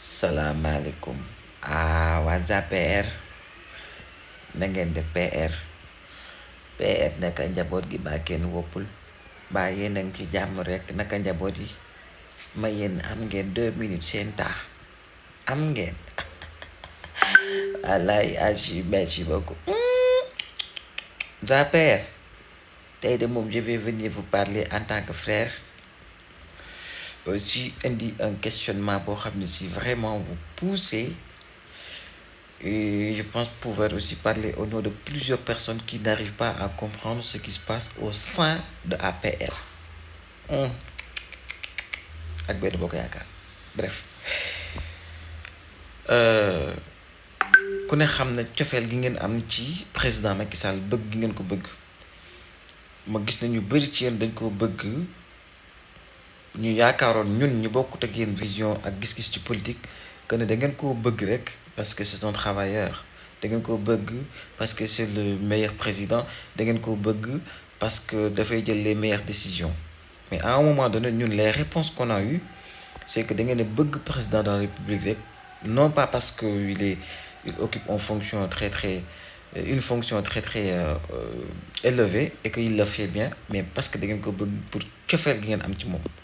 salaamaaleykum ah waa APR na def PR PR naka njaboot gi ba kenn woppul ba yéen a ngi ci jàmm rekk naka njaboot yi ma yéen am ngeen deux minutes seen taa am ngeen wallaay agi merci beaucoup hmm. APR tey de moom je vais venir vous parler en tant que frère si indi un questionnement pour si vraiment vous poussez et je pense pouvoir aussi parler au nom de plusieurs personnes qui n'arrivent pas à comprendre ce qui se passe au sein de APR hum. ak Benno Bokk Yaakaar bref Euh, ne xam na cofeel gi am président Macky Sall bëgg gi ngeen ko bëgg ma gis nañu bari ci dañ ñu yaakaaroon ñun ñu bokkut ak yéen vision ak gis-gis ci politique que ne da ngeen koo bëgg rek parce que c'est un travailleur da ngeen koo parce que c'est le meilleur président da ngeen koo parce que dafay jël les meilleures décisions mais à un moment donné ñun les réponses qu'on a eues c'est que da ngeen a bëgg président de la République rek non pas parce que il est occupe une fonction très très une fonction très très euh, euh, élevée et qu'il la fait bien mais parce que da ngeen ko bëgg pour cofeel gi ngeen am ci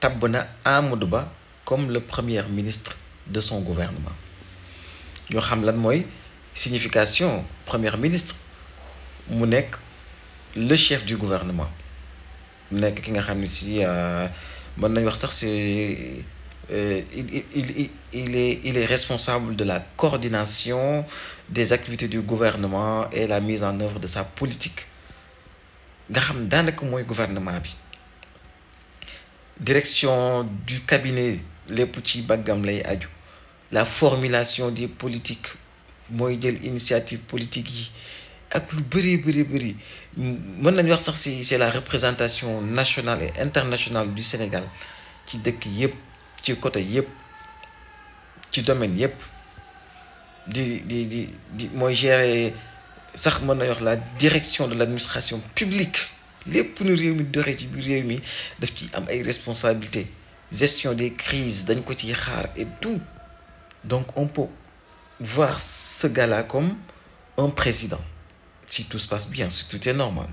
Tabona comme le premier ministre de son gouvernement il xam signification premier ministre mu le chef du gouvernement ki euh, il est responsable de la coordination des activités du gouvernement et la mise en œuvre de sa politique nga xam gouvernement direction du cabinet les petits la formulation des politiques mooy initiative politique c'est la représentation nationale et internationale du Sénégal qui que côté de ci domaine domine la direction de l'administration publique les nu réew mi doxee ci biir réew daf gestion des crises dañ ko ci et tout donc on peut voir ce gars-là comme un président si tout se passe bien si tout est normal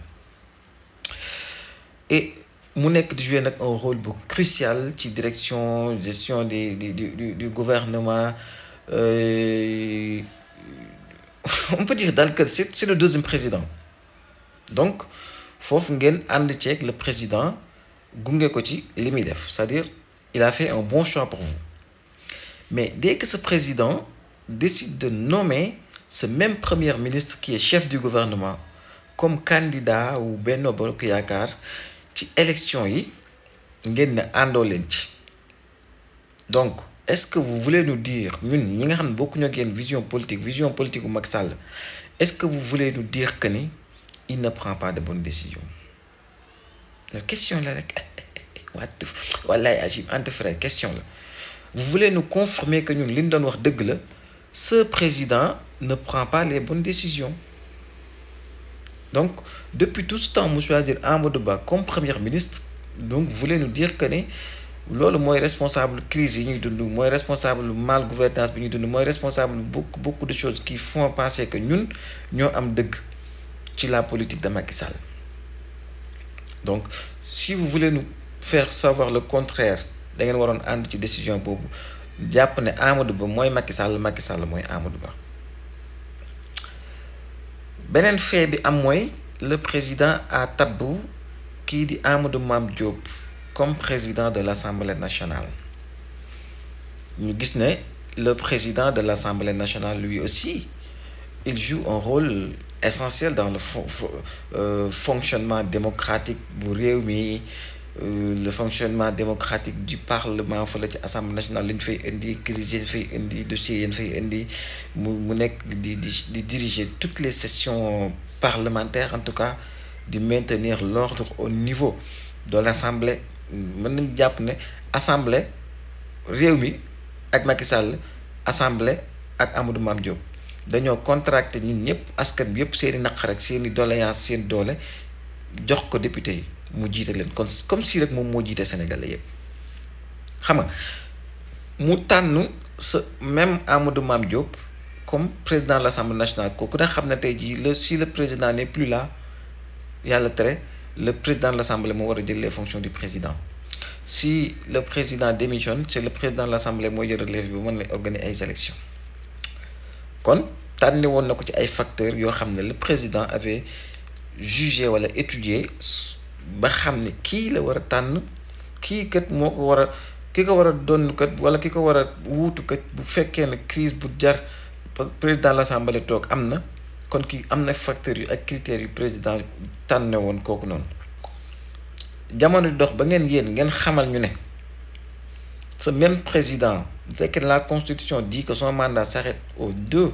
et mu nekk un rôle crucial ci direction gestion des du gouvernement euh, on peut dire que c'est le deuxième président donc. Il faut le président Gungé ko c'est-à-dire il a fait un bon choix pour vous mais dès que ce président décide de nommer ce même premier ministre qui est chef du gouvernement comme candidat ou bien qui Yaakaar ci élection yi donc est-ce que vous voulez nous dire nous, avons beaucoup une vision politique vision politique ou est-ce que vous voulez nous dire que nous il ne prend pas de bonnes décisions la question là rek entre question là vous voulez nous confirmer que ñun li Noir doon wax ce président ne prend pas les bonnes décisions donc depuis tout ce temps monsieur mot Amadou Ba comme premier ministre donc vous voulez nous dire que ne le moins responsable crise yi ñuy dund responsable mal gouvernance bi ñuy dund responsable beaucoup beaucoup de choses qui font penser que ñun ñoo am dëgg ci la politique de Macky Sall donc si vous voulez nous faire savoir le contraire da ngeen waroon ànd ci décision pour jàpp ne Amadou Ba moy Macky Sall Macky Sall moy Amadou Ba Benen fait bi am le président a tabou qui dit Amadou Mame Diop comme président de l'Assemblée nationale ñu gis le président de l'Assemblée nationale lui aussi il joue un rôle essentiel dans le euh, fonctionnement démocratique bu réew euh, le fonctionnement démocratique du parlement Il ci assemblée nationale li ñu fay indi crise une ñu fay indi dossiers yi fay indi diriger toutes les sessions parlementaires en tout cas de maintenir l'ordre au niveau de l'assemblée Je ne assemblée réew avec ak Macky Sall assemblée ak Amadou dañoo contracté ñun ñëpp askan bi yëpp seeni naqar ak seeni doléance seen doole jox ko député yi mu jiite leen kon comme si rek moom moo jiite Sénégalais yëpp xam nga mu tànn sa même Amadou Mame Diop comme président de l'Assemblée nationale kooku da xam ne tey jii le si le président n'est plus là yàlla tere le président de l'Assemblée moo war jël les fonctions du président si le président démissionne c'est le président de l'Assemblée mooy jël relève bi mën lay organiser ay élections kon tànne woon na ci ay facteurs yo xamné le président avait jugé wala étudié ba xamné ki la wara a ki kii kat moo ko war a ki ko war donn kat wala ki ko war a kat bu fekké ne crise bu jar président de l'Assemblée tok amna kon ki amna facteurs yu ak critères yu président tànne woon kooku noonu jamono dox ba ngeen yeen ngeen xamal ñu ne ce même président bu que la constitution dit que son mandat s'arrête au 2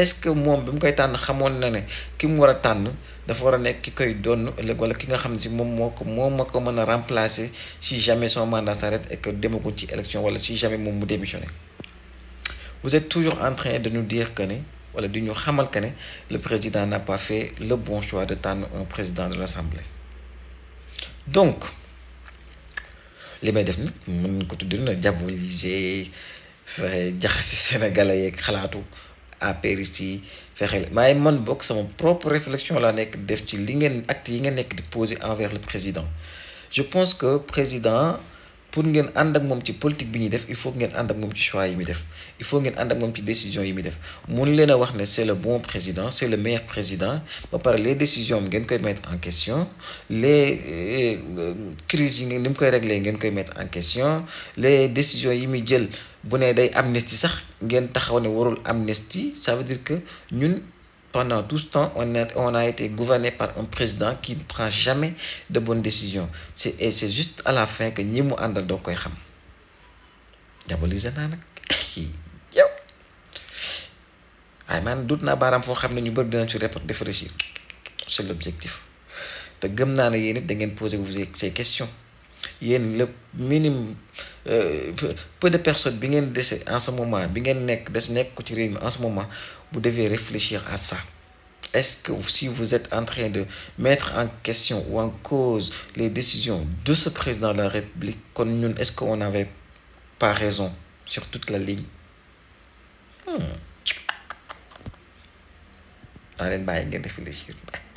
est-ce que moi je na ne ki si remplacer si jamais son mandat s'arrête et que demaguñ ci élection wala si jamais mom mu démissionner vous êtes toujours en train de nous dire que que le président n'a pas fait le bon choix de temps un président de l'Assemblée donc les may def ko sénégalais APR yi ci fexeel maay man bokk sama propre réflexion laa nek def ci li ngeen acte yi ngeen nekk di poser envers le président je pense que président pour ngeen ànd ak moom ci politique bi def il faut ngeen ànd ak moom ci choix yi muy def il faut que y ait une décision immédiate. def c'est le bon président c'est le meilleur président les décisions qu'il koy mettre en question les euh, crises qu'il peut koy régler qu'il koy mettre en question les décisions immédiates, muy jël amnesty ne day amnistie sax ça veut dire que nous, pendant tout ce temps on a été gouverné par un président qui ne prend jamais de bonnes décisions c'est et c'est juste à la fin que nous avons un doo koy xam diabolisé Je ne sais pas baaraam foo xam ne ñu bëri dinañ réfléchir c'est l'objectif te gëm naa ne da poser ces questions a le minimum euh, peu de personnes bi ngeen dese en ce moment bi ngeen nekk des nekk ko ci en ce moment vous devez réfléchir à ça est-ce que si vous êtes en train de mettre en question ou en cause les décisions de ce président de la République est-ce qu'on n'avait pas raison sur toute la ligne hmm. naa leen bàyyi ngeen réfléchir